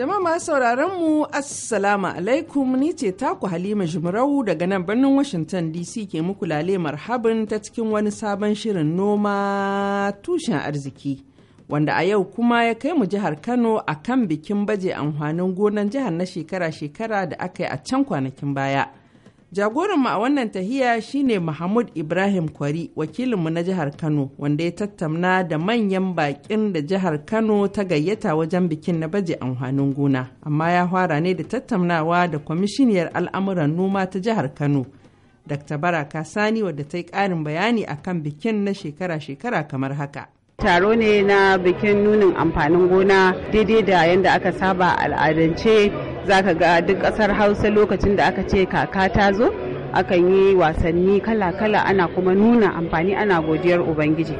Jama'a masu sauraron mu Assalamu alaikum ni ce taku Halima Jimarau daga nan birnin Washington DC ke muku lale marhabin ta cikin wani sabon shirin noma tushen arziki wanda a yau kuma ya kai mu jihar Kano a kan bikin baje amfanin gonan jihar na shekara-shekara da aka yi a can kwanakin baya. Jagoranmu a wannan tahiya shine Mahmud Ibrahim Kwari, wakilinmu na jihar Kano, wanda ya tattauna da manyan bakin da jihar Kano ta gayyata wajen bikin na baje amfanin gona, amma ya fara ne da tattaunawa da kwamishiniyar al'amuran noma ta jihar Kano. Dr. Baraka Sani wadda ta yi ƙarin bayani akan bikin na shekara-shekara kamar haka. taro ne na bikin nunin amfanin gona daidai da yadda aka saba al'adance Za ka ga duk ƙasar hausa lokacin da aka ce kaka ta zo akan yi wasanni kala-kala ana kuma nuna amfani ana godiyar ubangiji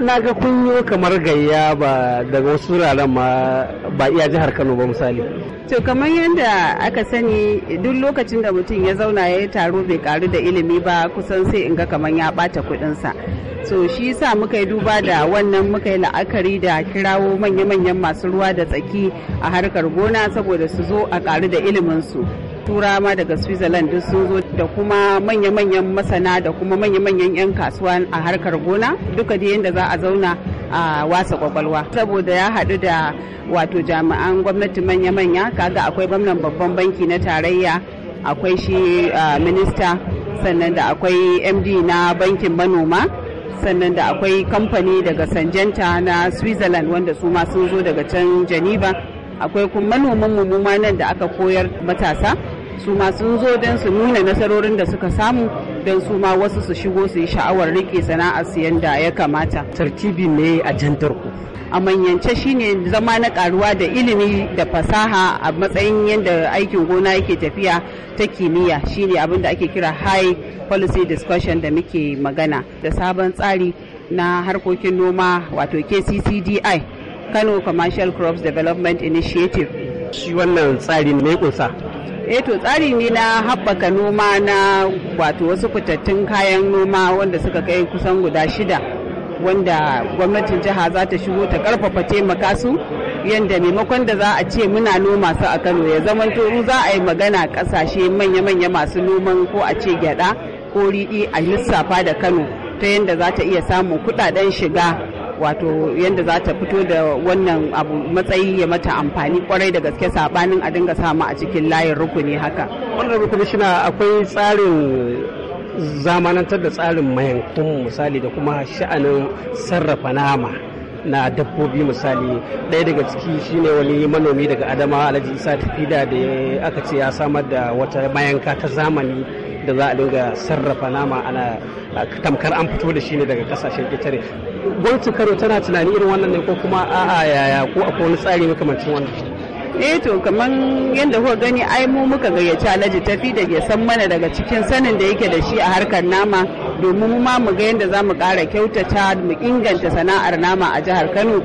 na ga kun yi kamar gayya ba daga wasu wuraren ma ba iya jihar kano ba misali to kamar yadda aka sani duk lokacin da mutum ya zauna ya taro bai karu da ilimi ba kusan sai in ga kamar ya bata kudinsa so shi sa muka yi duba da wannan muka yi la'akari da kirawo manya-manyan masu ruwa da tsaki a harkar gona saboda su zo a ƙaru da iliminsu tura ma daga switzerland duk sun zo da kuma manya-manyan masana da kuma manya-manyan 'yan kasuwa a harkar gona duka da yadda za a zauna a wasa kwakwalwa saboda ya haɗu da wato jami'an gwamnati manya-manya kaga akwai gwamnan babban banki na tarayya akwai shi minista sannan da akwai md na bankin manoma sannan da akwai kamfani daga sanjanta na switzerland wanda su ma sun zo daga can geneva akwai kuma manoman mu nan da aka koyar matasa su ma sun zo don su nuna nasarorin da suka samu don su ma wasu su shigo su yi sha'awar rike sana'ar su da ya kamata. Tarkibi ne jantar ku. A manyance shi ne zama na karuwa da ilimi da fasaha a matsayin yadda aikin gona yake tafiya ta kimiyya shine abin da ake kira high policy discussion da muke magana da sabon tsari na harkokin noma wato KCCDI Kano Commercial Crops Development Initiative. Shi wannan tsari mai kusa eh to tsari ne na haɓaka noma na wato wasu fitattun kayan noma wanda suka kai kusan guda shida wanda gwamnatin jiha za ta shigo ta karfafa taimaka su yadda maimakon da za a ce muna noma su a kano ya zama toru za a yi magana kasashe manya-manya masu noman ko a ce gyada ko riɗi a lissafa da kano ta yadda za ta iya samun kuɗaɗen shiga wato yadda za ta fito da wannan abu matsayi ya mata amfani kwarai da gaske sabanin a dinga samu a cikin layin rukuni haka wannan rukuni shi akwai tsarin zamanantar da tsarin mayankun misali da kuma sha'anin sarrafa nama na dabbobi misali ɗaya daga ciki shine wani manomi daga adama alhaji isa tafida da aka ce ya samar da wata mayanka ta zamani da za a dinga sarrafa nama ana tamkar an fito da shi ne daga kasashen ƙetare gwamnatin karo tana tunani irin wannan ne ko kuma a'a yaya ko a wani tsari makamancin wannan eh to kamar yadda kuka gani ai mu muka gayyaci alhaji tafi da ya san mana daga cikin sanin da yake da shi a harkar nama domin mu ma mu ga yadda za mu ƙara kyautata mu inganta sana'ar nama a jihar kano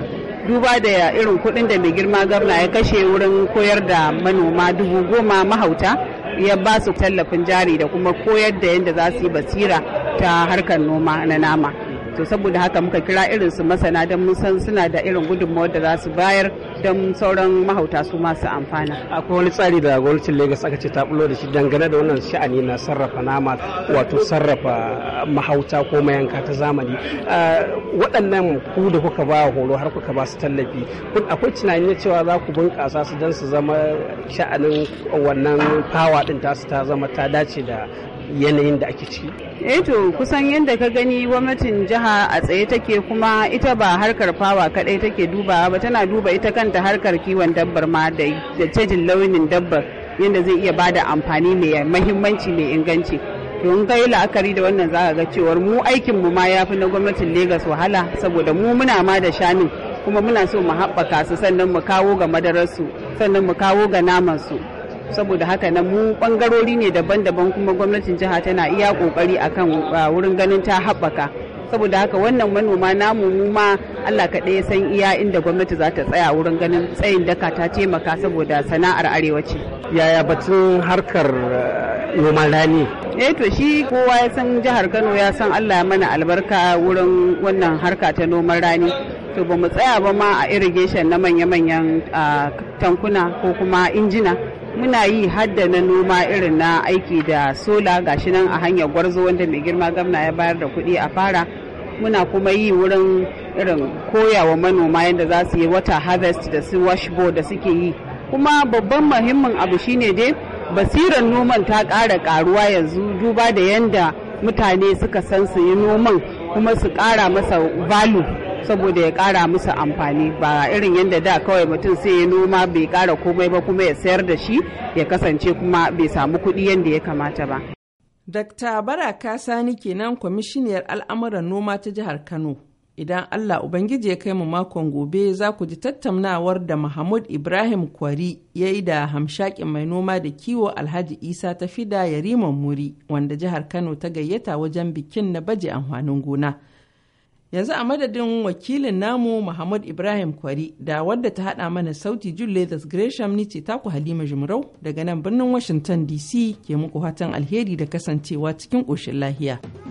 duba da irin kuɗin da mai girma gwamna ya kashe wurin koyar da manoma dubu goma mahauta ya ba su tallafin jari da kuma koyar da yadda za su yi basira ta harkar noma na nama to saboda haka muka kira irin su masana don mun san suna da irin gudunmawar da za su bayar don sauran mahauta su masu amfana akwai wani tsari da gwamnatin lagos aka ce ta bulo da shi dangane da wannan sha'ani na sarrafa nama wato sarrafa mahauta ko mayanka ta zamani ah, waɗannan ku da kuka ba horo har kuka ba su tallafi akwai tunani na cewa za ku bunƙasa su don su zama sha'anin wannan fawa ɗin ta su ta zama ta dace da yanayin da ake ciki. Eh to kusan yadda ka gani gwamnatin jiha a tsaye take kuma ita ba harkar fawa kadai take dubawa ba tana duba ita kanta harkar kiwon dabbar ma da cajin launin dabbar yadda zai iya bada amfani mai mahimmanci mai inganci. don kai la'akari da wannan za ga cewar mu aikin mu ma yafi na gwamnatin Legas wahala saboda mu muna ma da shanun kuma muna so mu haɓaka su sannan mu kawo ga madararsu sannan mu kawo ga naman su saboda haka na mu bangarori ne daban-daban kuma gwamnatin jiha tana iya kokari akan wurin ganin ta haɓaka saboda haka wannan manoma namu mu ma Allah kaɗai ya san iya inda gwamnati za ta tsaya wurin ganin tsayin daka ta taimaka saboda sana'ar arewa ce. Yaya batun harkar eh, noman rani? Eh to shi kowa ya san jihar Kano ya san Allah ya mana albarka wurin wannan harka ta noman rani. To ba mu tsaya ba ma a irrigation na manya-manyan ah, tankuna ko kuma injina. muna yi hadda na noma irin na aiki da sola gashi nan a hanyar gwarzo wanda mai girma gamna ya bayar da kuɗi a fara muna kuma yi wurin irin koyawa manoma yadda za su yi wata harvest da su washboard da suke yi kuma babban muhimmin abu shine dai basirar noman ta ƙara ƙaruwa yanzu duba da yanda mutane suka san su yi noman kuma su ƙara masa value saboda ya kara musu amfani ba irin yadda da kawai mutum sai ya noma bai kara komai ba kuma ya sayar da shi ya kasance kuma bai samu kuɗi yadda ya kamata ba. Dakta Baraka Sani kenan kwamishiniyar al'amuran noma ta jihar Kano. Idan Allah Ubangiji ya kai mu makon gobe za ku ji tattaunawar da Mahmud Ibrahim Kwari ya yi da hamshakin mai noma da kiwo Alhaji Isa ta fida Yariman Muri wanda jihar Kano ta gayyata wajen bikin na baje amfanin gona. Yanzu a madadin wakilin namu Muhammad Ibrahim Kwari da wadda ta haɗa mana sauti Julius Gresham ni ce taku Halima Jumrau daga nan birnin Washington DC ke muku hatan alheri da kasancewa cikin ƙoshin lahiya.